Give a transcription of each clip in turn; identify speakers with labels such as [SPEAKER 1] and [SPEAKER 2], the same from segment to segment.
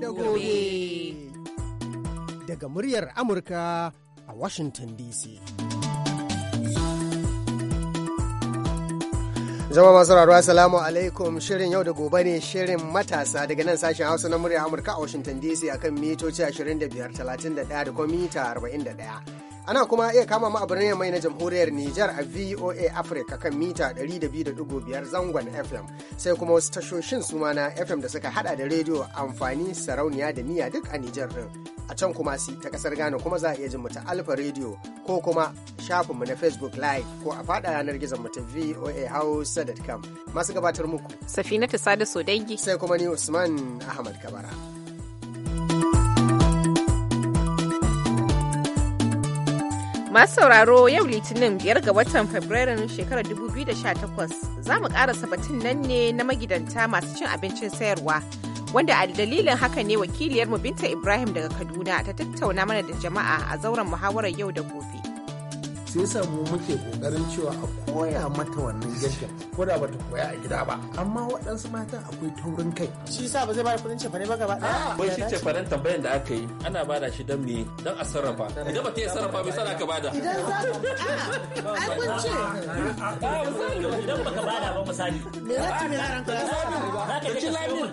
[SPEAKER 1] da gobe.
[SPEAKER 2] Daga muryar Amurka a Washington DC. Zama masu raro Assalamu alaikum shirin yau da gobe ne shirin matasa daga nan sashen Hausa na muryar Amurka a Washington DC akan mitoci 25, 31 da kuma mita 41. Ana kuma iya kama mu a birnin mai na jamhuriyar Nijar a VOA Africa kan mita 200.5 zangon FM sai kuma wasu tashoshin suma na FM da suka hada da rediyo amfani sarauniya da niya duk a Nijar din. A can kuma si ta kasar Ghana kuma za a iya jin mu ta Alfa Radio ko kuma shafin mu na Facebook Live ko a fada yanar gizon mu ta VOA House.com Masu gabatar muku.
[SPEAKER 3] Safinatu Sada Sodangi. Sai kuma ni Usman Ahmad Kabara. Masu sauraro yau litinin biyar ga watan fabrairu shekarar 2018 za mu karasa batun nan ne na magidanta masu cin abincin sayarwa. Wanda a dalilin haka ne wakiliyarmu Binta Ibrahim daga Kaduna ta tattauna mana da jama'a a zauren muhawarar yau da gobe.
[SPEAKER 4] sai yasa mu muke kokarin cewa a koya mata wannan girkin ko da bata koya a gida ba amma waɗansu mata akwai taurin kai shi yasa ba zai ba kudin cefane ba gaba ɗaya ba shi
[SPEAKER 5] cefanen tambayan da aka yi ana bada shi don me don a sarrafa idan ba ta yi sarrafa bai sana ka bada idan
[SPEAKER 1] za ka ai
[SPEAKER 6] kun ce
[SPEAKER 1] idan bada ba misali me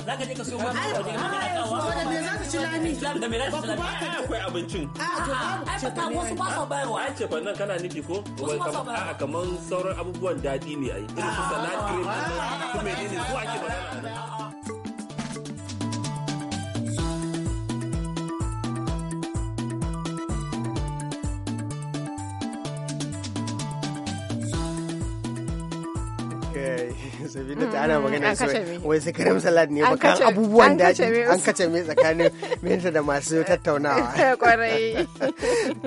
[SPEAKER 1] da ka
[SPEAKER 5] ci lamin nufi ko kamar sauran abubuwan daɗi ne a yi irin su salad cream
[SPEAKER 1] su ne ko ake magana
[SPEAKER 2] sabida ta ana magana su wai salad ne bakan abubuwan daji an kace me tsakanin minta da masu tattaunawa
[SPEAKER 3] kwarai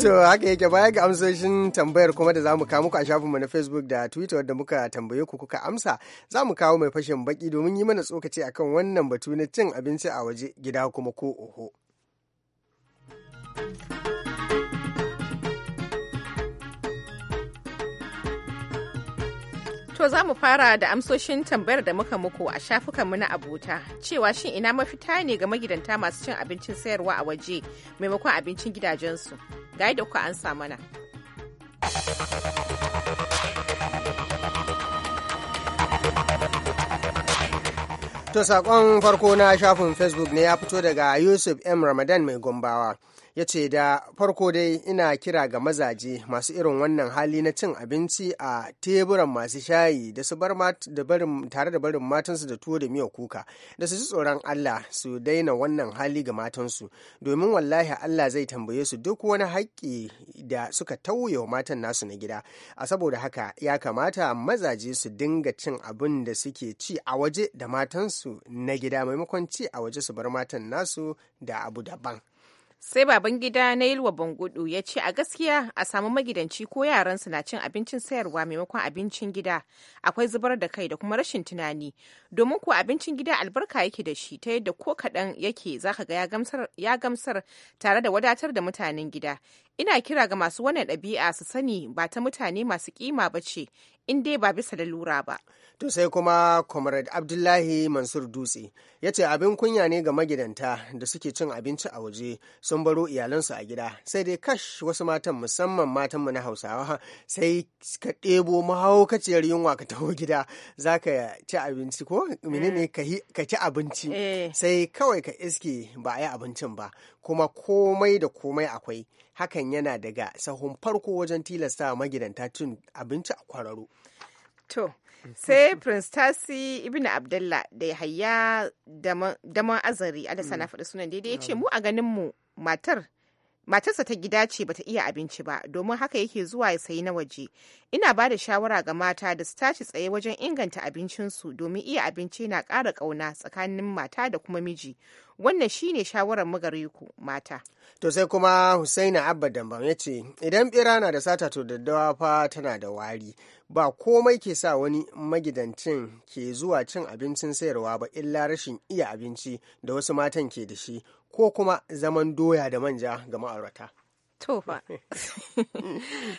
[SPEAKER 2] to haka yake baya ga amsoshin tambayar kuma da zamu kawo muku a shafinmu na Facebook da Twitter wadda muka tambaye ku kuka amsa zamu kawo mai fashin baki domin yi mana tsokaci akan wannan batu na cin abinci a waje gida kuma ko oho.
[SPEAKER 3] To za mu fara da amsoshin tambayar da muka muku a shafukanmu na abota cewa shin ina mafita ne ga magidanta masu cin abincin sayarwa a waje maimakon abincin gidajensu. Ga yadda kuka ansa mana.
[SPEAKER 2] To saƙon farko na shafin Facebook ne ya fito daga Yusuf M. Ramadan mai gombawa. ya ce da farko dai ina kira ga mazaje masu irin wannan hali na cin abinci a teburan masu shayi da su bar tare da barin matansu da tuwo da miyar kuka da su ji tsoron Allah su daina wannan hali ga matansu domin wallahi Allah zai tambaye su duk wani haƙƙi da suka tauye wa matan nasu na gida a saboda haka ya kamata mazaje su dinga cin abin da suke ci a waje da matansu na gida maimakon ci a waje su bar matan nasu da abu daban
[SPEAKER 3] sai baban gida na yilwa bangudu ya ce a gaskiya a samu magidanci ko yaransu na cin abincin sayarwa maimakon abincin gida akwai zubar da kai da kuma rashin tunani domin ko abincin gida albarka yake da shi ta yadda ko kaɗan yake zaka ga ya gamsar tare da wadatar da mutanen gida ina kira ga masu wannan ɗabi'a su sani ba ta mutane masu kima ba ce in dai ba bisa da lura ba.
[SPEAKER 2] To sai kuma Comrade Abdullahi Mansur Dutse ya ce abin kunya ne ga magidanta da suke cin abinci a waje sun baro iyalansu a gida sai dai kash wasu matan musamman matan mu na Hausawa sai ka ɗebo mahaukaciyar yunwa ka taho gida za ka ci abinci ko menene eh. ka ci abinci eh. sai kawai ka iske ba a yi abincin ba kuma komai da komai akwai hakan yana daga sahun farko wajen tilasta magidanta tun abinci a kwararo
[SPEAKER 3] to sai prince tasi ibn abdullah da yahaya daman azari alisa na mm. faɗi sunan daidai ya ce mu a ganin mu matar matarsa ta gida ce bata iya abinci ba domin haka yake zuwa ya sayi na waje ina ba da shawara ga mata da su tashi tsaye wajen inganta abincinsu domin iya abinci na ƙara ƙauna tsakanin mata da kuma miji wannan shine shawarar mu gare ku mata
[SPEAKER 2] to sai kuma husaina abba dambam ya ce idan bira na da sata to daddawa fa tana da wari ba komai ke sa wani magidancin ke zuwa cin abincin sayarwa ba illa rashin iya abinci da wasu matan ke da shi ko kuma zaman doya da manja ga ma'aurata.
[SPEAKER 3] Tofa.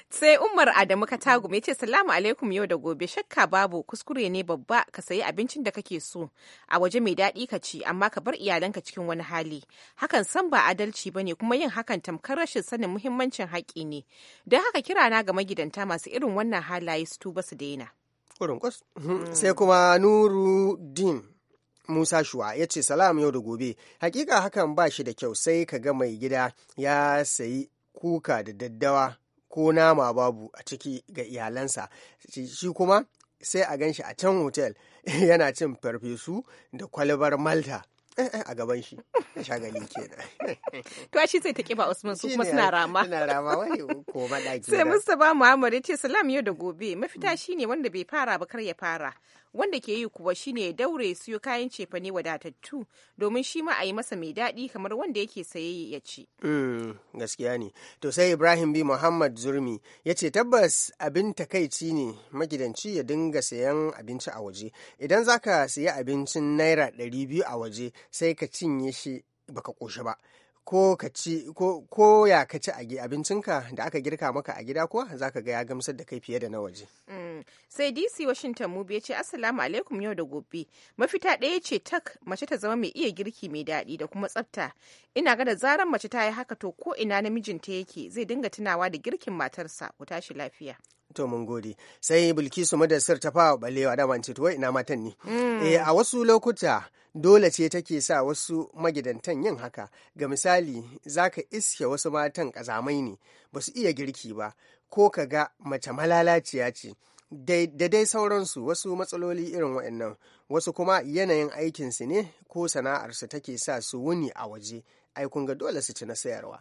[SPEAKER 3] Sai Umar Adamu Katagume ya ce salamu alaikum yau da gobe shakka babu kuskure ne babba ka sayi abincin da kake so a waje mai daɗi ka ci amma ka bar iyalanka cikin wani hali. Hakan san ba adalci ba ne kuma yin hakan tamkar rashin sanin muhimmancin haƙƙi ne. Don haka kira na ga magidanta masu irin wannan halaye su tuba su daina. Sai
[SPEAKER 2] kuma Nuru Din Musa Shuwa ya ce salam yau da gobe hakika hakan ba shi da kyau sai ka ga mai gida ya sayi kuka da daddawa ko nama babu a ciki ga iyalansa shi kuma sai a gan shi a can hotel yana cin farfesu da kwalbar malta a gaban shi shagali kenan
[SPEAKER 3] to shi sai ta kiba Usman su kuma suna rama suna rama wani
[SPEAKER 2] ko madaki sai
[SPEAKER 3] mustapha Muhammad ya ce salam yau da gobe mafita shine wanda bai fara ba kar ya fara wanda ke yi kuwa shine ya daure siyo kayan cefane wadatattu domin shi ma a yi masa mai daɗi kamar wanda yake saye ya ci.
[SPEAKER 2] Hmm, gaskiya ne to sai ibrahim b muhammad zurmi ya ce tabbas abin takaici ne magidanci ya dinga sayan abinci a waje idan zaka sayi abincin naira 200 a waje sai ka cinye shi baka ƙoshi ba ko ka ci ko ya ka ci abincinka da aka girka maka a gida kuwa za ka ga ya gamsar da kai fiye da na waje.
[SPEAKER 3] Mm. sai dc washington mubi ya ce assalamu alaikum yau da gobe mafita ɗaya ce tak mace ta zama mai iya girki mai daɗi da kuma tsafta ina ga da zaran mace ta yi haka to ko ina namijinta yake zai dinga tunawa da girkin matarsa ku tashi lafiya
[SPEAKER 2] to mun gode sai bilkisu madasar ta fawa balewa da ce to ina matan ne mm. eh a wasu lokuta dole ce take sa wasu magidantan yin haka ga misali zaka iske wasu matan kazamai ne ba su iya girki ba ko ka ga mace malalaciya ce da dai sauransu wasu matsaloli irin waɗannan wasu kuma yanayin aikinsu ne ko sana'arsu take sa su wuni a waje ai kun ga dole su ci na sayarwa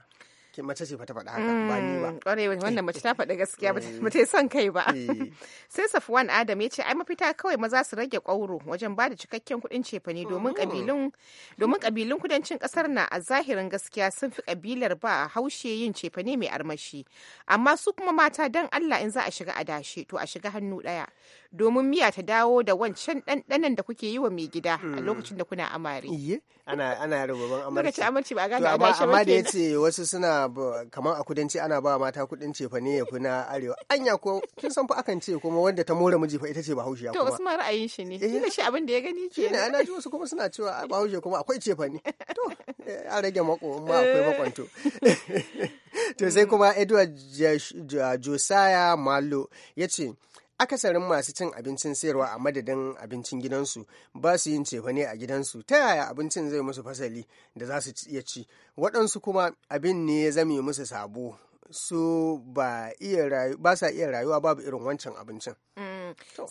[SPEAKER 2] ke mace ce fata ta faɗa haka ba ni ba mm,
[SPEAKER 3] ƙwarewa wannan mace ta faɗa gaskiya ba ta eh. son kai ba eh. sai Safwan Adam ya ce ai mafita kawai maza su rage kwauro wajen ba da cikakken kuɗin cefane domin kabilun oh. domin kabilun kudancin ƙasar na a zahirin gaskiya sun fi ƙabilar ba haushe yin cefane mai armashi amma su kuma mata dan Allah in za a shiga adashi to a shiga hannu ɗaya domin miya ta dawo da wancan ɗanɗanon da kuke yi wa mai gida a mm. lokacin da kuna amare. Iye, ana ana rubaban amarci. Lokacin amarci ba a gane ba shi Amma da ya ce
[SPEAKER 2] wasu suna kamar a kudanci ana ba mata kudin cefa ne ya fi na arewa. Anya ko kin san fa akan ce kuma wanda ta more miji fa ita ce bahaushiya kuma. To
[SPEAKER 3] ma ra'ayin shi ne. Kina shi abin da ya gani
[SPEAKER 2] ke. Kina ana ji wasu kuma suna cewa bahaushe kuma akwai cefa ne. To eh, a rage mako ma akwai eh. makwanto. To sai kuma Edward Josiah Malo ya ce akasarin masu cin abincin sayarwa a madadin abincin gidansu ba su yin cefane a gidansu ta yaya abincin zai musu fasali da za su iya ci waɗansu kuma abin ne ya zame musu sabo su ba sa iya rayuwa babu irin wancan abincin.
[SPEAKER 3] Mm.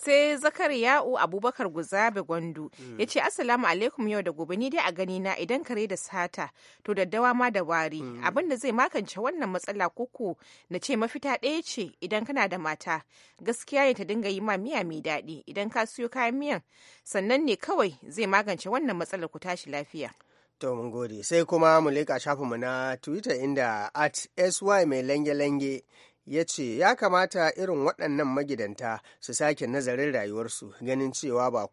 [SPEAKER 3] sai zakariya'u abubakar guzabe gwandu mm. ya ce assalamu alaikum yau da gobe ni dai a gani na idan kare da sata to daddawa ma da wari mm. abin da zai makance wannan matsala koko na ce mafita ɗaya ce idan kana da mata gaskiya ne ta dinga yi ma miya mai daɗi idan ka siyo kayan miyan sannan ne kawai zai magance wannan matsalar ku tashi lafiya
[SPEAKER 2] To gode sai kuma mu leƙa shafinmu na Twitter inda at sy mai lange-lange ya ce ya kamata irin waɗannan magidanta su sake nazarin rayuwarsu ganin cewa ba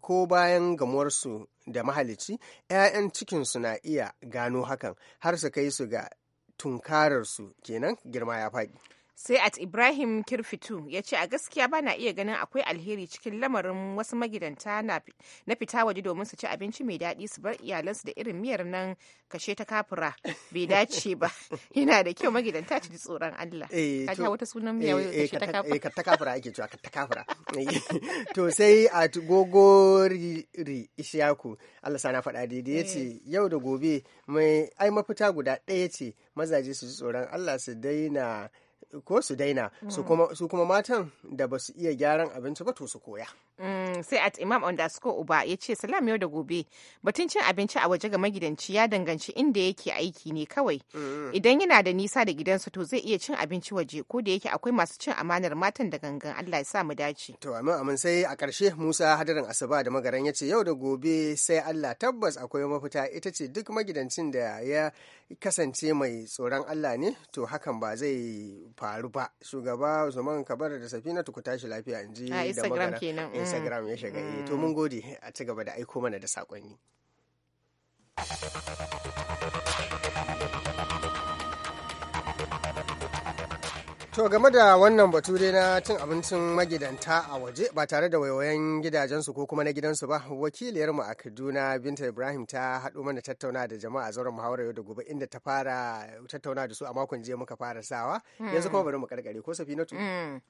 [SPEAKER 2] ko bayan gamuwarsu da mahalici 'ya'yan cikinsu na iya gano hakan har su kai su ga tunkararsu kenan girma ya faɗi.
[SPEAKER 3] sai at ibrahim kirfitu ya ce a gaskiya ba na iya ganin akwai alheri cikin lamarin wasu magidanta na fita waje domin su ci abinci mai daɗi su bar iyalansu da irin miyar nan kashe ta kafura bai dace ba yana da kyau magidanta ci ji tsoron allah ake cewa kafura
[SPEAKER 2] to sai a gogori ishaku allah sana faɗa daidai ya eh. yau da gobe mai ai mafita guda ɗaya ce mazaje su ji tsoron allah su daina ko su daina mm. su kuma matan da ba su iya gyaran abinci ba to su koya
[SPEAKER 3] mm. sai at imam underscore uba ya ce salam yau da gobe batun cin abinci a waje ga magidanci ya danganci inda yake aiki ne kawai mm. idan yana da nisa da gidansa to zai iya cin abinci waje ko da yake akwai masu cin amanar matan da gangan Allah ya sa mu dace
[SPEAKER 2] to amin amin sai a ƙarshe Musa hadarin asuba da magaran ya ce yau da gobe sai Allah tabbas akwai mafita ita ce duk magidancin da ya kasance mai tsoron Allah ne to hakan ba zai faru ba shugaba Usman Kabar da Safina ku tashi lafiya in ji da magana Instagram haram ya shiga eh, to mun mm. gode eh, a ci gaba da aiko mana da sakonni To game da wannan batu dai na cin abincin magidanta a waje ba tare da waiwayen gidajensu ko kuma na gidansu ba wakiliyarmu a Kaduna Binta Ibrahim ta haɗo mana tattauna da jama'a zauren muhawara yau da gobe inda ta fara tattauna da su a makon jiya muka fara sawa mm. yanzu kuma bari mu karkare ko safinatu. Mm.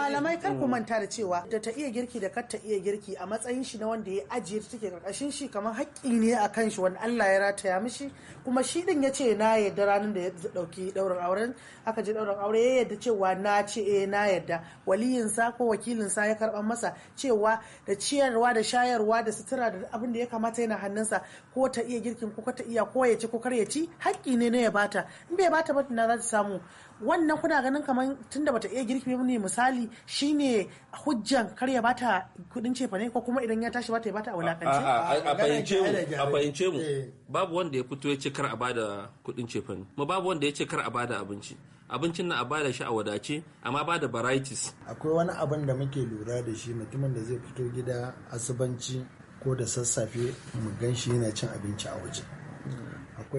[SPEAKER 2] malamai kar ku mm. manta
[SPEAKER 7] da cewa da ta iya girki da kar ta iya girki a matsayin shi na wanda ya ajiye ta take karkashin shi kamar haƙƙi ne a kan shi wanda Allah ya rataya mishi kuma shi din ya ce na yarda ranar da ya dauki daurin auren aka je daurin aure ya yarda cewa na ce eh na yarda waliyin sa ko wakilin sa ya karban masa cewa da ciyarwa da shayarwa da sutura da abin da ya kamata yana hannunsa ko ta iya girkin ko ta iya ko ya ci ko kar ya ci haƙƙi ne na ya bata in bai bata ba na za ta samu wannan kuna ganin kamar tunda bata iya girki ne misali shine hujjan kar ya bata kudin cefa ne ko kuma idan ya tashi bata ya bata a wulakance a
[SPEAKER 5] fahimce mu eh. babu wanda ya fito ya ce kar a bada kudin cefa ne kuma babu wanda ya ce kar a bada abinci abincin na a bada shi a wadace amma bada varieties
[SPEAKER 4] akwai wani abin da muke lura da shi mutumin da zai fito gida asubanci ko da sassafe mu gan shi yana cin abinci a waje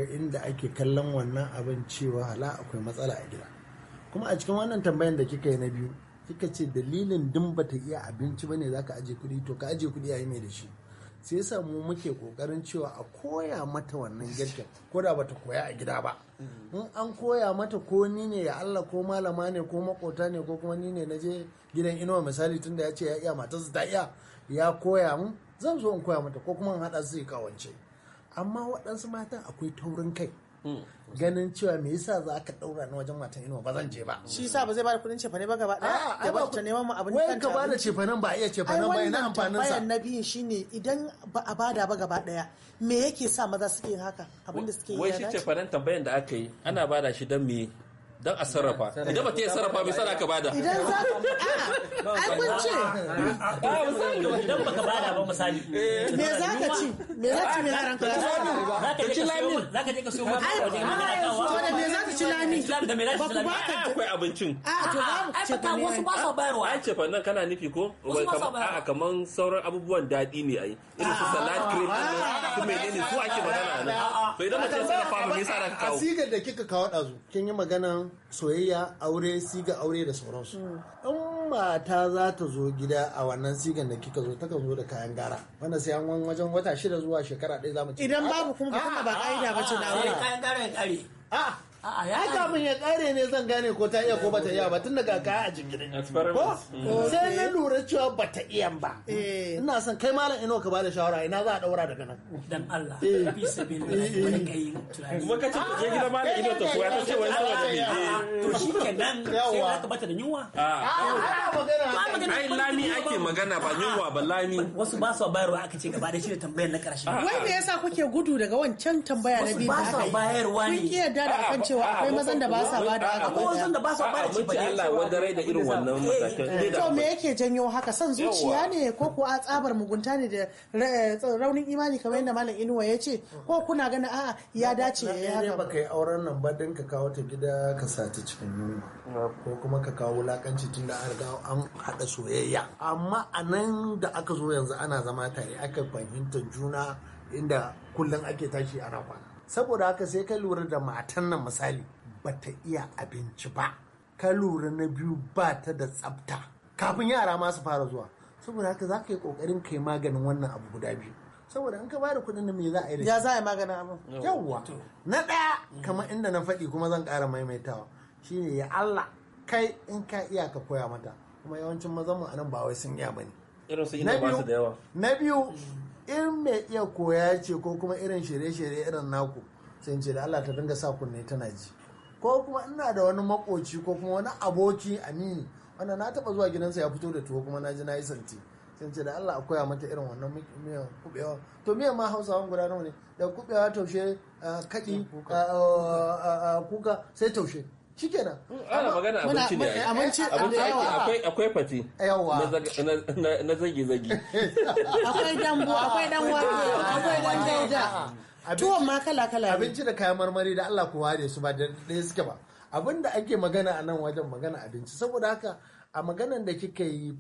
[SPEAKER 4] akwai inda ake kallon wannan abin cewa hala akwai matsala a gida kuma a cikin wannan tambayan da kika yi na biyu kika ce dalilin din bata iya abinci bane zaka aje kuɗi to ka aje kuɗi yayi mai da shi sai yasa mu muke kokarin cewa a koya mata wannan girkin ko da bata koya a gida ba mm. in an koya mata ko ni ne ya Allah ko malama ne ko makota ne ko kuma ni ne na je gidan inuwa misali tunda ya ce ya iya matarsa ta iya ya koya mun zan zo in koya mata ko kuma in haɗa su yi kawance amma waɗansu matan akwai taurin kai hmm. ganin cewa me yasa za ka ɗaura na wajen matan inuwa ba zan je ba shi yasa ba zai ba da kudin cefane ba gaba ɗaya ya ba ta neman mu abin
[SPEAKER 7] kanta wai ka da cefanen
[SPEAKER 4] ba iya
[SPEAKER 8] cefanen ba ina
[SPEAKER 7] amfanin sa bayan nabiyin shine idan ba a bada ba gaba ɗaya me yake sa maza suke yin haka
[SPEAKER 5] abin da suke yi wai shi cefanen tambayan da aka yi ana bada shi dan me don a sarrafa idan ba ta yi sarrafa mai sana ka bada idan za ka a mun ce idan ka bada ba misali me
[SPEAKER 6] za ka ci me za ka ci me za ka ka ci lami za ka je ka siyo mata ba ka mana kawo to da me za ka ci lami
[SPEAKER 5] da me za ka ci lami ba akwai abincin a to za mu ce ta wasu ba sa bayarwa ai ce fa nan kana nufi ko a kaman sauran abubuwan daɗi ne ai irin su salad
[SPEAKER 3] cream su menene su ake
[SPEAKER 5] magana nan to idan ba ta sarrafa ba me yasa ka kawo
[SPEAKER 4] asiga da kika kawo dazu kin yi magana soyayya aure siga aure da sauransu hmm. in mata za ta zo gida a wannan sigan da kika zo ta kan zo da kayan gara wanda sai an wajen wata shida zuwa shekara ɗaya za mu idan babu kuma ba
[SPEAKER 7] ka'ida
[SPEAKER 6] ba ce da aure kayan gara ya kare
[SPEAKER 4] a ya kamun ya kare ne zan gane ko ta iya ko bata iya ba tun daga kaya a jingine ko mm. sai na lura cewa bata iya ba eh. ina son kai malam ino ka bada shawara ina za a daura daga nan dan Allah eh. fi
[SPEAKER 5] sabilillah wani eh, kai tunani kuma kace je gidan malam ino ta ko ya ce wani da ni ah,
[SPEAKER 6] to shikenan
[SPEAKER 5] sai ka bata da yunwa a ah. ah, ana magana magana ai lami ake magana ba yunwa ba
[SPEAKER 6] lami wasu ba su bayarwa aka ce gaba da shi da tambayar na karshe wai me yasa
[SPEAKER 7] kuke gudu daga wancan tambaya
[SPEAKER 5] na biyu da aka yi bayarwa ne kun ki yarda da kan cewa akwai mazan da ba sa ba da aka akwai mazan
[SPEAKER 7] da ba sa ba da ci ba
[SPEAKER 5] Allah wadarai da irin wannan matakan eh, to me
[SPEAKER 7] yake janyo haka san zuciya ne ko ko a tsabar mugunta ne da eh, raunin imani kamar yadda malam Inuwa ya ce ko kuna gana a'a ya dace ya haka ba
[SPEAKER 4] kai auren nan ba dan ka kawo ta gida ka sata cikin ko kuma ka kawo lakanci tunda an riga an haɗa maka soyayya amma a nan da aka zo yanzu ana zama tare aka fahimtar juna inda kullum ake tashi ana kwana saboda haka sai ka lura da matan nan misali bata iya abinci ba ka lura na biyu ba ta da tsafta kafin yara ma su fara zuwa saboda haka za ka yi kokarin kai maganin wannan abu guda biyu saboda in ka bada kuɗin da me za a yi ya za a yi maganin abin yawwa na ɗaya kamar inda na faɗi kuma zan ƙara maimaitawa shine ya Allah kai in ka iya ka koya mata kuma yawancin mazan mu anan ba wai sun iya bane
[SPEAKER 5] irin su hina ba su da yawa
[SPEAKER 4] na biyu in mai iya koya ce ko kuma irin shirye-shirye irin naku sai ce da Allah ta dinga sa kunne tana ji ko kuma ina da wani makoci ko kuma wani aboki amini wanda na taba zuwa gidansa ya fito da tuwo kuma na ji na yi santi sai ce da Allah a koya mata irin wannan miyan kubewa to miyan ma hausawan guda nawa ne da kubewa taushe kaki kuka sai taushe shikenan
[SPEAKER 1] mm, ana magana abinci ne abinci akwai
[SPEAKER 5] akwai fati na zagi zagi
[SPEAKER 4] akwai dambu akwai dambu akwai dandaida tuwon ma kala kala abinci da kayan marmari da Allah ku ware su ba da ɗaya suke ba abin da ake magana a nan wajen magana abinci saboda haka a maganan da kika yi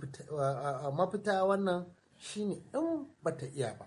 [SPEAKER 4] mafita wannan shine in bata iya ba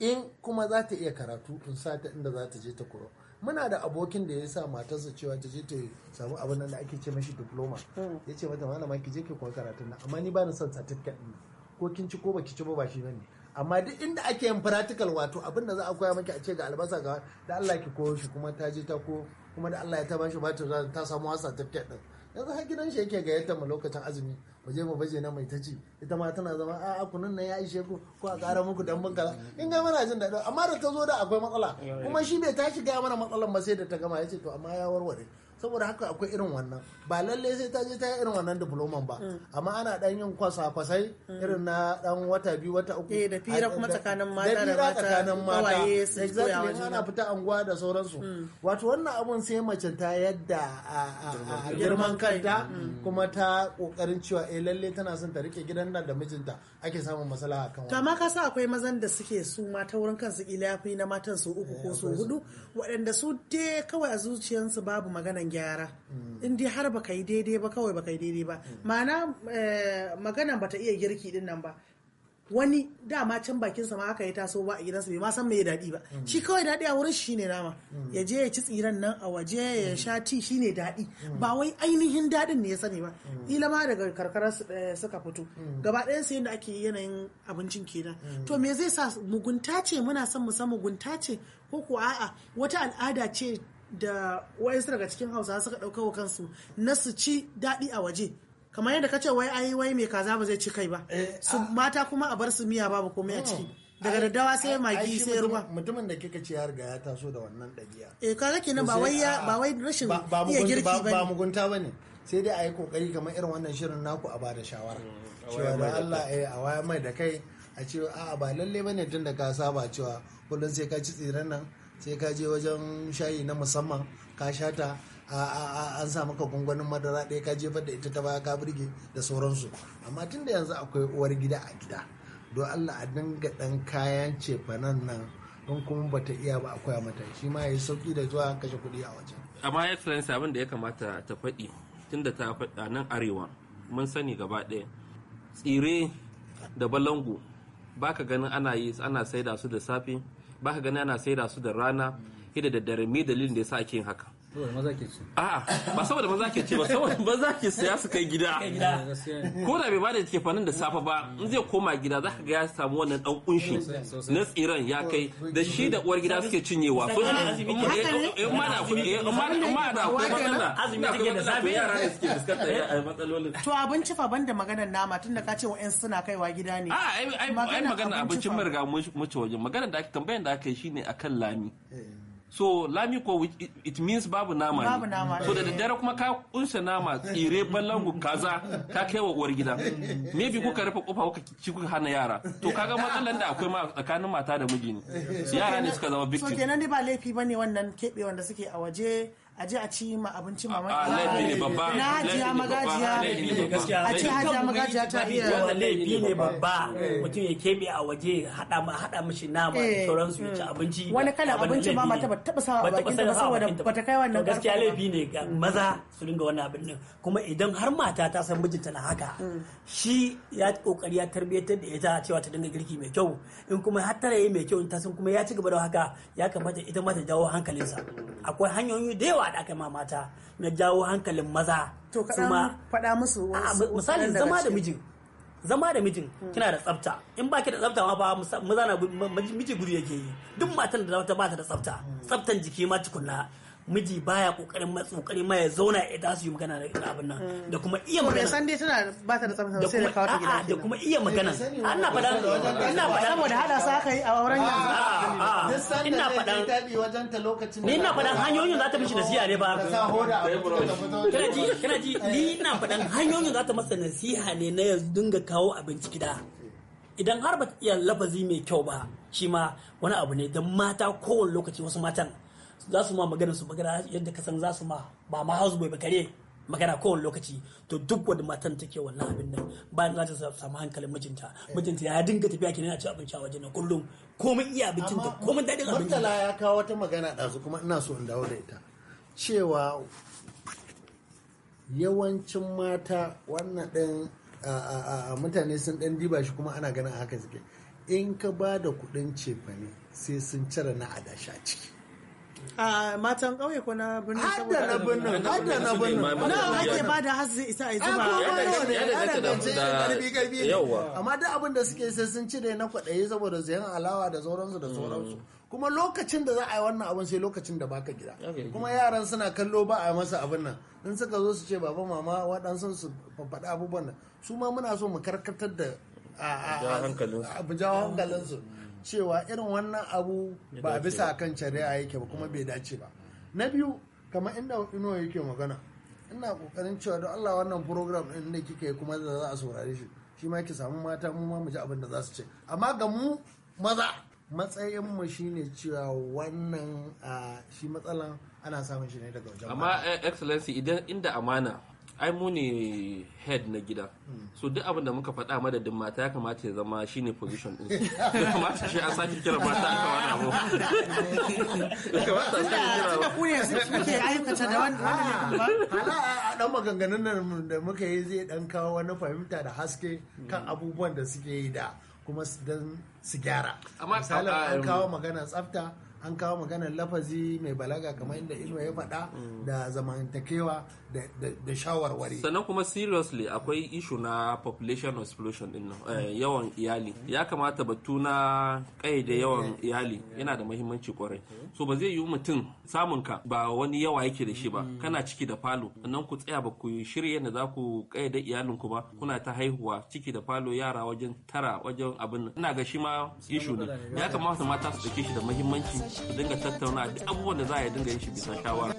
[SPEAKER 4] in kuma za ta iya karatu in sa ta inda za ta je ta kuro muna da abokin da ya sa matarsa cewa ta je ta samu abin nan da ake ce mashi diploma hmm. ya ce mata malama ki je ki kuma karatun nan amma ni ba na son certificate din ko kin ci ko baki ci ba shi bane amma duk inda ake yin practical wato abin da za a koya maki a ce ga albasa ga da Allah ki koyo shi kuma ta je ta ko kuma da Allah ya ta bashi ba ta samu wasa certificate din yanzu har gidan shi yake gayyata mu lokacin azumi waje mu baje na mai ta ci ita ma tana zama a a kunun nan ya ishe ku ko a ƙara muku dan mun kaza in ga mana jin daɗi amma da ta zo da akwai matsala kuma shi bai ta shiga mana matsalan ba sai da ta gama ya ce to amma ya warware saboda haka akwai irin wannan ba lallai sai ta je ta yi irin wannan diploman ba mm. amma ana dan yin kwasa-kwasai mm. irin na dan wata biyu wata uku eh, da fira kuma tsakanin mata da mata tsakanin mata exactly ana fita anguwa da sauransu mm. wato wannan abun sai mace ta yadda a girman kanta kuma ta kokarin cewa eh lalle tana son ta rike gidan nan da mijinta ake samun maslaha kan wannan to
[SPEAKER 7] amma ka sa akwai mazan da suke su mata wurin kansu ilafi na matan su uku ko eh, su hudu waɗanda su dai kawai a zuciyarsu babu maganan gyara mm. in dai har baka yi daidai ba kawai baka yi daidai ba mm. ma'ana eh, ba bata iya girki din nan ba wani dama can bakin sa ma aka yi taso ba a gidansa bai ma san mai daɗi ba mm. shi kawai daɗi a wurin ne nama ya je ya ci tsiran nan a waje ya sha ti shine daɗi ba wai ainihin daɗin ne ya sani ba ila ma daga karkarar eh, suka fito gaba ɗayan su yadda ake yanayin abincin kenan to me zai sa mugunta ce muna son mu san mugunta ce ko ko a'a wata al'ada ce da wa'insu daga cikin hausa suka ɗauka wa kansu na su ci daɗi a waje kamar yadda kace wai ayi wai mai kaza ba zai ci kai ba eh, su mata kuma a bar su
[SPEAKER 4] miya babu komai a ciki daga oh. daddawa sai magi sai ruwa mutumin da kika ce ya ga ya taso da wannan ɗabi'a eh kaga kenan ba wai ba wai rashin iya girki ba ba mugunta bane sai dai a yi kokari kamar irin wannan shirin naku a bada shawara mm, cewa da Allah eh a waya mai da kai a ce a'a ba lalle bane tun da ka saba cewa kullum sai ka ci tsiran nan sai ka je wajen shayi na musamman ka shata an sa maka gwangwanin madara ɗaya ka jefar da ita ta baya ka burge da sauransu amma tun da yanzu akwai uwar gida a gida don allah a dinga ɗan kayan cefanen nan in kuma bata iya ba akwai mata shi ma ya sauki da zuwa kashe kuɗi a wajen.
[SPEAKER 5] amma ya excellency abin da ya kamata ta faɗi tun da ta faɗa nan arewa mun sani gaba ɗaya tsire da balangu baka ganin ana yi ana saida su da safe ba ka gani ana saida su da rana ida da dare me dalilin da sa ake yin haka saboda ke ci a'a ba saboda maza ke ce ba saboda maza ke saya su kai gida ko da bai bada ke fannin da safe ba in zai koma gida za ka ga ya samu wannan dan kunshi na tsiran ya kai da shi da uwar gida suke cinyewa eh, eh, eh, in ma na kuɗi in ma na akwai matsala azumi take da safe yara da suke
[SPEAKER 1] fuskantar
[SPEAKER 5] matsalolin
[SPEAKER 7] to abinci fa banda maganar nama tunda ka ce wa'en suna kaiwa gida ne
[SPEAKER 4] a'a ai
[SPEAKER 5] magana abincin mun riga mun ci wajen magana da aka tambayan da aka shine akan lami so lamiko it, it means babu nama ne so da daddare kuma ka kunsa nama tsire ballangu kaza ka kai wa uwar gida maybe kuka rufe kofa kuka ci kuka hana yara to kaga matsalar da akwai ma tsakanin mata da miji ne yara ne suka zama victim so kenan
[SPEAKER 7] ne ba laifi bane wannan kebe wanda suke a waje a je a ci ma abinci ma mata na hajiya magajiya a ci hajiya magajiya ta iya wannan laifi ne
[SPEAKER 6] babba eh. mutum ya kebe a waje hada ma hada mishi nama da eh. sauransu ya ci hmm. abinci wani kalan abinci ma mata bata taba
[SPEAKER 7] sawa bakin ta saboda
[SPEAKER 6] bata kai wannan gaskiya laifi ne ga maza su dinga wannan abin din kuma idan har mata ta san mijinta na haka hmm. shi ya kokari ya tarbiyyatar da ita cewa ta dinga girki mai kyau in kuma har tana yi mai kyau in ta san kuma ya ci gaba da haka ya kamata ita ma ta jawo hankalinsa akwai hanyoyi da yawa da aka ma mata na jawo hankalin maza to kaɗan
[SPEAKER 7] faɗa musu misali zama da mijin
[SPEAKER 6] zama da mijin kina da tsafta in ba ki da tsafta ma fa maza na miji guri yake yi duk matan da ta ba ta da tsafta tsaftan jiki ma tukunna miji baya kokarin matsa kokarin ma ya zauna ya tasu yi magana da abin nan da kuma iya magana san
[SPEAKER 7] dai tana ba ta da tsafta sai da kawo ta gida da kuma iya magana ina fada ina fada saboda hada sa kai a auren yanzu ina faɗa
[SPEAKER 6] ni ina fada hanyoyin za ta mishi siya ne ba ka kana ji kana ji eh. ni ina fada hanyoyin za ta masa nasiha ne na yanzu dinga kawo abinci gida idan har ba ta iya lafazi mai kyau ba shi ma wani abu ne don mata kowane lokaci wasu matan za su ma magana su magana yadda ka san za su ma ba ma house bai bakare magana kowane lokaci to duk wadda matan take wannan abin nan bayan za ta samu hankalin mijinta eh. mijinta ya dinga tafiya kenan a ci abinci a wajen kullum komai iya abincin ta komai daɗin abincin Murtala
[SPEAKER 4] ya kawo wata magana ɗazu kuma ina so in dawo da ita cewa yawancin mata wannan ɗin mutane sun ɗan diba shi kuma ana ganin haka suke in ka ba da kuɗin cefane sai sun cire na adasha ciki
[SPEAKER 7] a matan ƙauye ko na birnin saboda na birnin da na birnin na ake ba da hazi
[SPEAKER 4] isa a zuba ko ba ne ya da karbi karbi ne amma duk abin da suke sai sun cire na kwaɗayi saboda zayan alawa da sauransu da sauransu mm. kuma lokacin da za a yi wannan abin sai lokacin da baka gida kuma yaran suna kallo ba a masa abin nan in suka zo su ce baba mama waɗansu su faɗi abubuwan nan su ma muna so mu karkatar da a hankalinsu cewa irin wannan abu ba bisa kan shari'a yake ba kuma bai dace ba na biyu kamar inda ino yake magana ina kokarin cewa da Allah wannan program din da yi kuma da za a saurare shi shi ma ki samu mata mu ma mu ji abin da za su ce amma ga mu maza matsayin mu shine cewa wannan ah, shi matsalan ana samun shi ne daga wajen amma
[SPEAKER 5] eh, excellency idan inda amana ai mu ne head na gida hmm. so duk abin da muka faɗa madadin mata ya kamata ya zama shine position din su ya kamata shi an sake kira mata aka wani abu
[SPEAKER 1] ya
[SPEAKER 5] kamata a sake
[SPEAKER 4] kira ba ku yanzu suke aikata da wanda ah, hala a dan maganganun nan da muka yi zai dan kawo wani fahimta da haske kan hmm. abubuwan da suke yi da kuma dan su gyara amma ah, an kawo um, magana tsafta an kawo maganar lafazi mai balaga kamar inda ilma ya faɗa mm. da zamantakewa da shawarwari sannan
[SPEAKER 5] kuma seriously akwai ishu na population explosion din eh, yawan iyali ya kamata batu na da yawan iyali yana da mahimmanci kwarai mm. so ba zai yi mutum samun ka ba wani yawa yake da shi ba mm. kana ciki da falo sannan ku tsaya ba ku shirya yadda za ku kayyade iyalin ku ba kuna ta haihuwa ciki da falo yara wajen tara wajen abin ina ga shi ma ishu ne ya kamata mata su dake shi da mahimmanci su dinga tattauna duk abubuwan da za a yi dinga yin shi bisa shawara.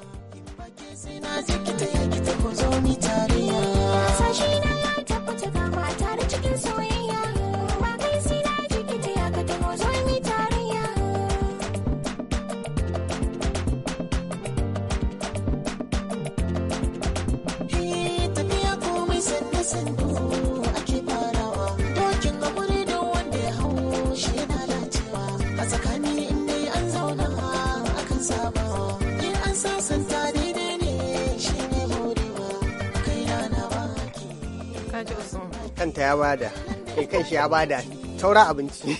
[SPEAKER 2] kanta ya bada kai kan shi ya bada taura abinci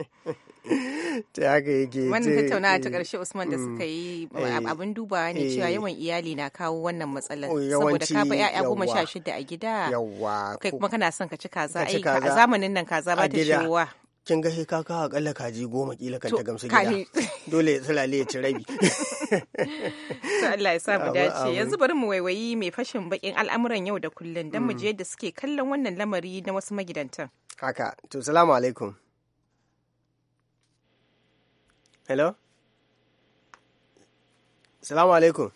[SPEAKER 2] ta haka yake wannan tattauna ta karshe eh, usman da suka yi mm, eh, abin duba ne eh. cewa yawan
[SPEAKER 3] iyali na kawo wannan matsalar oh, saboda ka ba ya'ya goma sha shida a gida kai kuma kana son ka ci kaza ai a zamanin nan kaza ba ta shirowa
[SPEAKER 2] kin ga sai ka kawo akalla kaji goma kila kan ta gamsu gida dole ya tsalale ya ci rabi
[SPEAKER 3] to Allah ya samu dace yanzu bari mu waiwayi mai fashin bakin al'amuran yau da kullun dan mu mm. je yadda suke kallon wannan lamari na wasu magidantan
[SPEAKER 2] haka to salamu alaikum hello salamu alaikum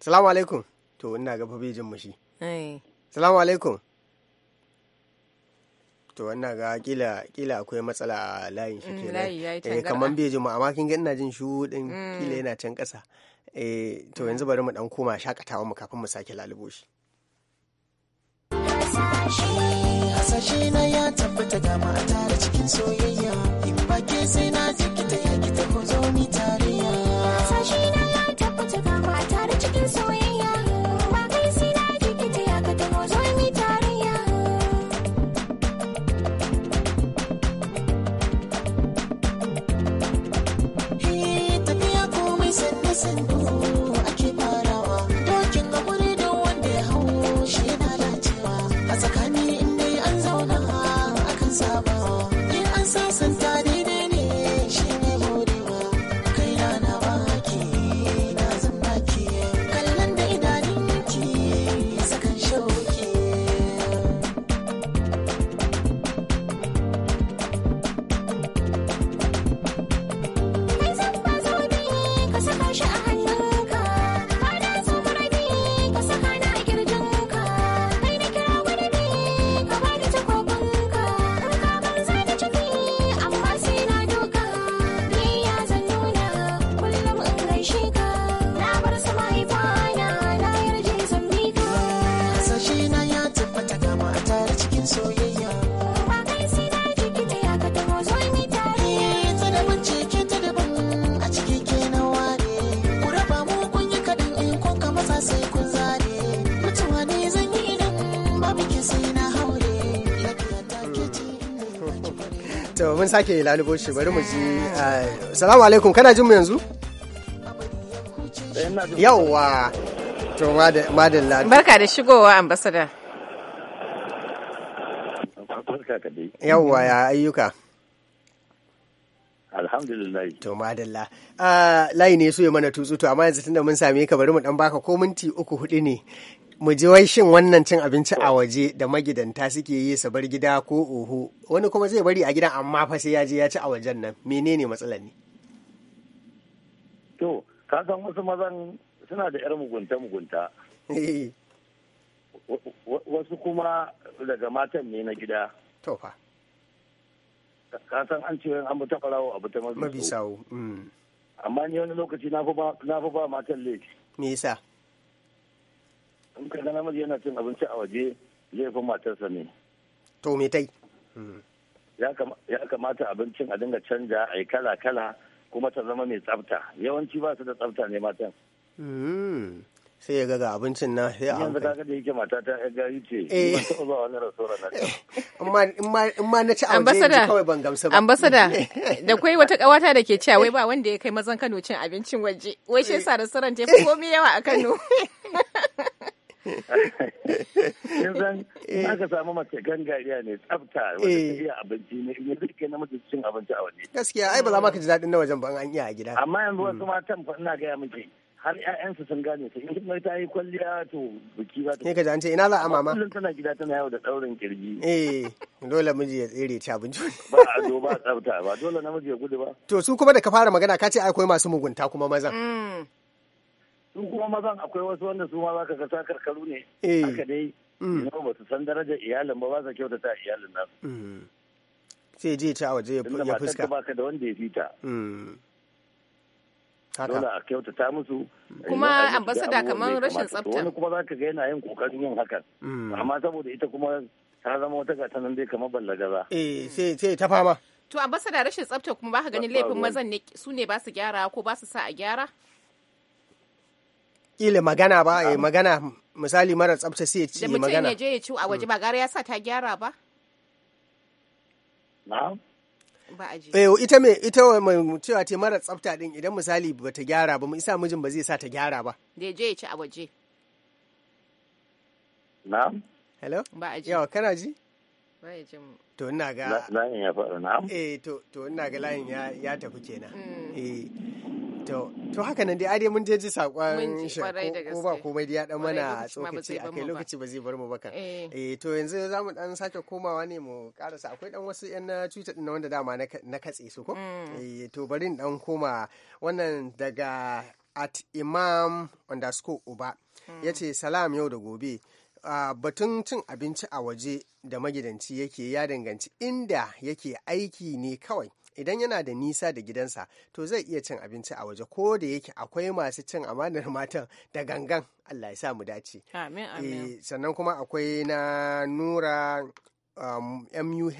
[SPEAKER 2] salamu alaikum to ina ga fa bai jin mushi eh. salamu alaikum to wannan ga kila kila akwai matsala a layin shi mm, kenan eh kaman bai ji mu amma kin ga ina jin shu din mm. kila yana can kasa eh to mm. yanzu bari mu dan koma shakatawa mu kafin mu sake lalubo
[SPEAKER 1] shi na ya tabbata gama a tare cikin soyayya in ba ke sai na jikita ya gita ko zo ni tare
[SPEAKER 2] dan sake lalubo shi bari mu ji eh, salamu alaikum kana jin mu yanzu
[SPEAKER 3] yawwa to madalla barka da shigowa ambasada
[SPEAKER 2] yawwa ya ayyuka alhamdulillah to madalla uh, layi ne so ya mana tutsu to amma yanzu tunda mun same ka bari mu dan baka ko minti uku hudu ne mu ji wai shin wannan cin abinci a waje da magidanta suke yi su bar gida ko oho wani kuma zai bari a gidan amma fa sai ya je ya ci a wajen nan menene matsalar ne
[SPEAKER 8] to ka san wasu mazan suna da yar mugunta mugunta eh. wasu kuma daga matan ne na gida to fa ka san an ce an buta farawo abu ta mabisawo mm. amma ni wani lokaci na fi ba matan laifi me yasa in ka ga namiji yana cin abinci a waje laifin matarsa ne to me tai ya kamata abincin a dinga canja a yi kala kala kuma ta zama mai tsafta yawanci ba su da tsafta ne matan
[SPEAKER 2] hmm. sai ya gaga abincin na sai a yanzu kaga da yake mata ta ya gari ce ba eh. ba wani rasora na in ma na ci a waje kawai ban gamsu ba ambasada da
[SPEAKER 3] kwai wata kawata da ke cewa wai ba wanda ya kai mazan Kano cin abincin waje wai shi sa restaurant ya fi komi yawa a Kano
[SPEAKER 8] yanzan aka samu mace gangariya ne tsafta wanda ta iya abinci ne cin abinci a waje
[SPEAKER 2] gaskiya ai ba za ma ka ji daɗin na wajen ba an iya a gida amma yanzu wasu mm. matan fa ina gaya miki har ƴaƴansu sun gane su in kuma ta yi kwalliya to biki ba ta ne ka ji an ce ina za a mama kullum tana gida tana yau da ɗaurin kirji eh dole miji ya tsere ta abinci
[SPEAKER 8] ba a zo ba tsafta ba dole namiji ya gudu ba
[SPEAKER 2] to su kuma da ka fara magana ka ce akwai masu mugunta kuma mazan
[SPEAKER 8] mm. su kuma mazan akwai wasu wanda su ma zaka ga karkaru ne eh. haka dai ina mm. ba su san daraja iyalin ba ba sa ta iyalin nan
[SPEAKER 2] mm. sai je ta waje ya fuska
[SPEAKER 8] ba baka da wanda ya fita mm. dole a ta musu kuma ambasada kamar rashin tsafta wani kuma zaka ga yana yin kokarin yin hakan amma saboda ita kuma ta zama wata gata nan dai kamar ballagaza
[SPEAKER 2] eh sai sai ta fama
[SPEAKER 3] to ambasada rashin tsafta kuma baka ganin laifin mazan ne su ne ba su gyara ko ba su sa a gyara
[SPEAKER 2] kila magana ba ya eh, magana misali mara tsabta sai ya ci magana. Da mutum ya je
[SPEAKER 3] ya ci a waje ba gara ya sa ta gyara ba? Na'am. Ba a ji. Eh ita
[SPEAKER 2] me ita mai cewa ce mara tsabta din idan misali ba ta gyara ba mu isa mijin ba zai sa ta gyara ba.
[SPEAKER 3] Da ya je ya ci a waje.
[SPEAKER 2] Na'am. Hello? Ba a ji. Yawa kana ji? Ba a ji To ina ga. Layin ya faɗa na'am. Eh to to ina ga layin ya ya tafi kenan. Mm. Eh. To, to haka nan dai dai mun je ji sakon shi ko ba komai dai ya dan mana tsokaci kai lokaci ba zai bar mu ba eh. eh to yanzu za mu dan sake komawa ne mu karasa akwai dan wasu yan uh, na cuta din wanda dama na katse su ko. Mm. Eh to bari dan koma wannan daga at imam underscore uba mm. ya ce salam yau da gobe batun cin abinci a waje da magidanci yake ya danganci inda yake aiki ne kawai idan yana da nisa da gidansa to zai iya cin abinci a waje ko da yake akwai masu cin amanar matan da gangan Allah ya sa mu dace
[SPEAKER 3] amin eh,
[SPEAKER 2] sannan kuma akwai na nura muh um,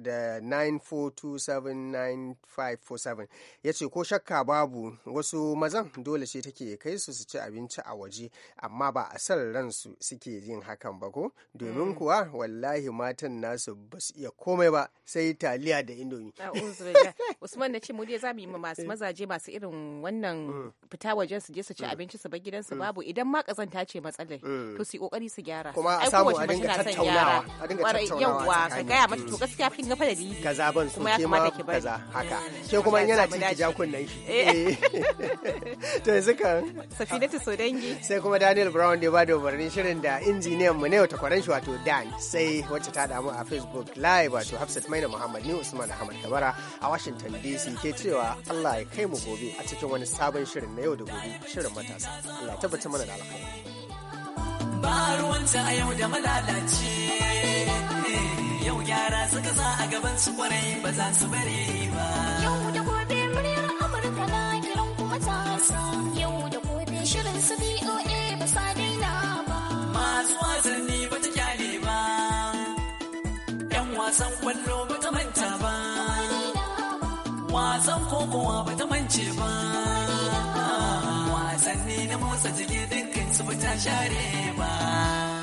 [SPEAKER 2] da 94279547 ya ce ko shakka babu wasu mazan dole ce take kai su su ci abinci a waje amma ba a san ransu suke yin hakan ba ko domin mm. kuwa wallahi matan nasu ba su iya komai ba sai taliya da indomi
[SPEAKER 3] usman na ce mu dai za mu yi masu mazaje masu irin wannan mm. fita wajen su je su ci mm. abinci su bar gidansu babu idan ma kazanta ce matsalar to su yi kokari su gyara kuma a samu a dinga tattaunawa a dinga tattaunawa ka gaya mata to
[SPEAKER 2] gaskiya cikin gafa da biyu kaza ban so ke ma kaza haka eh, ke kuma in yana ciki jakunan shi eh. Eh. to yanzu kan safinatu sodangi sai kuma daniel brown da ba da umarnin shirin da injiniyan mu ne wata kwaran shi wato dan sai wacce ta damu a facebook live wato hafsat maina muhammad ni usman ahmad kabara a washington dc ke cewa allah ya kai mu gobe a cikin wani sabon shirin na yau da gobe shirin matasa allah tabbata mana da alkhairi
[SPEAKER 1] ba ruwanta a yau da malalaci yau gyara suka sa a gaban su kwarai ba za su bare ba yau da gobe muryar amurka na kiran kuma ta yau da gobe shirin su boa ba sa daina ba masu wasanni ba ta kyale ba yan wasan kwallo ba ta manta ba wasan kokowa ba ta mance ba wasanni na motsa jiki dukkan su ba ta share ba